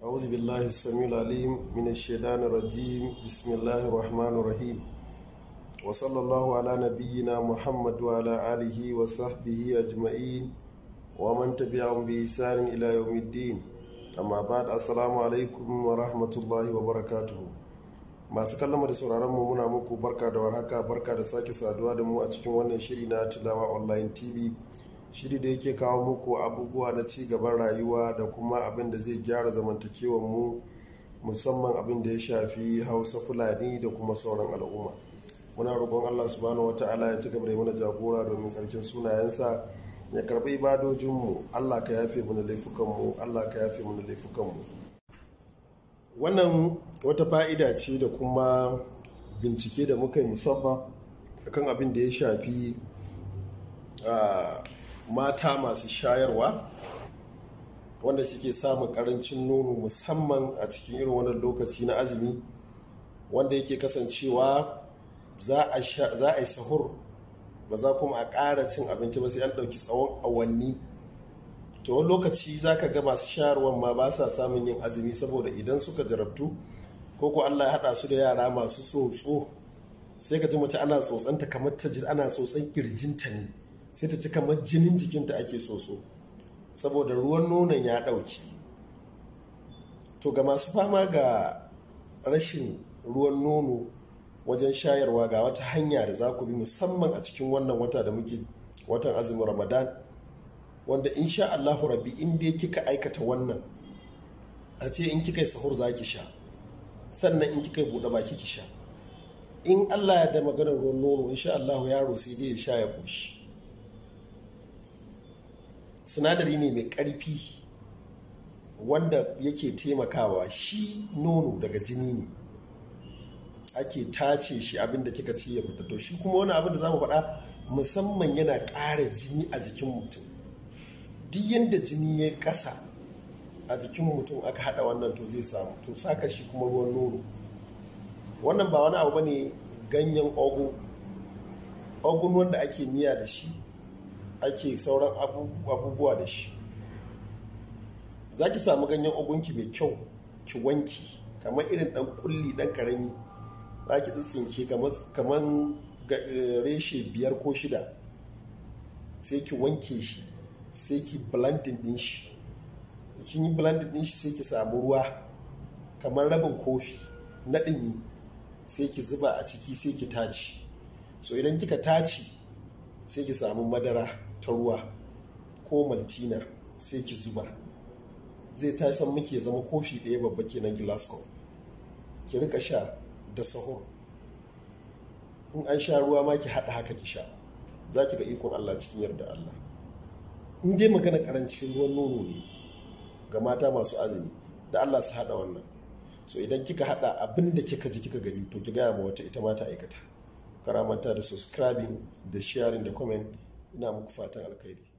أعوذ بالله السميع العليم من الشيطان الرجيم بسم الله الرحمن الرحيم وصلى الله على نبينا محمد وعلى آله وصحبه أجمعين ومن تبعهم بإحسان إلى يوم الدين amma ba da assalamu alaikum wa rahmatullahi wa barakatu. masu kallon da sauraron mu muna muku barka da warhaka barka da sake saduwa da mu a cikin wannan shiri na tilawa online tv shiri da yake kawo muku abubuwa na ci gaban rayuwa da kuma abin da zai gyara zamantakewar mu musamman abin da ya shafi hausa fulani da kuma sauran al'umma muna roƙon allah subhanahu wa ta'ala ya ci gaba da mana jagora domin sarkin sunayensa ya ibadojin mu allah ka yafe mana laifukanmu allah ka yafe mana mu. wannan wata fa'ida ce da kuma bincike da muka yi musamman akan abin da ya shafi ah, mata masu shayarwa wanda suke samun karancin nono musamman a cikin irin wannan lokaci na azumi wanda yake kasancewa za a yi sahur ba za kuma a ƙara cin abinci ba sai an ɗauki tsawon awanni to wani lokaci za ka ga masu shayarwan ma ba sa samun yin azumi saboda idan suka jarabtu ko ko allah ya haɗa su da yara masu tsotso sai ka ji mace ana tsotsanta kamar ta ji ana tsotsan kirjinta ne sai ta ci kamar jinin jikinta ake soso saboda ruwan nonon ya ɗauki to ga masu fama ga rashin ruwan nono wajen shayarwa ga wata hanya da za ku bi musamman a cikin wannan wata da muke watan azumin ramadan wanda insha allahu rabbi in dai kika aikata wannan a ce in kika sahur za ki sha sannan in kika yi buɗe baki ki sha in allah ya da maganar ruwan nono insha allahu yaro sai dai ya sha ya koshi sinadari ne mai ƙarfi wanda yake taimakawa shi nono daga jini ne ake tace shi abinda kika ce ya fita to shi kuma wani abin da za mu faɗa musamman yana ƙara jini a jikin mutum duk yadda jini ya ƙasa a jikin mutum aka haɗa wannan to zai samu to saka shi kuma ruwan nono wannan ba wani abu bane ganyen ogu ogun wanda ake miya da shi ake sauran abubuwa da shi za ki samu ganyen ogunki mai kyau ki wanki kamar irin dan kulli dan karami za ki tsinke kamar eh, reshe biyar ko shida sai ki wanke shi sai ki blandin din shi kin yi blandin din shi sai ki samu ruwa kamar rabin kofi na ɗinyi sai ki zuba a ciki sai ki taci so idan kika taci sai ki samu madara ta ruwa ko maltina sai ki zuba zai ta san muke zama kofi ɗaya babba ke nan glasgow ki rika sha da sahur in an sha ruwa ma ki haɗa haka ki sha za ki ga ikon allah cikin yarda allah in dai magana karancin ruwan nono ne ga mata masu azumi da allah su haɗa wannan so idan kika haɗa abin da kika ji kika gani to ki gaya ma wata ita mata ta aikata karamanta da subscribing da sharing da comment ina muku fatan alkhairi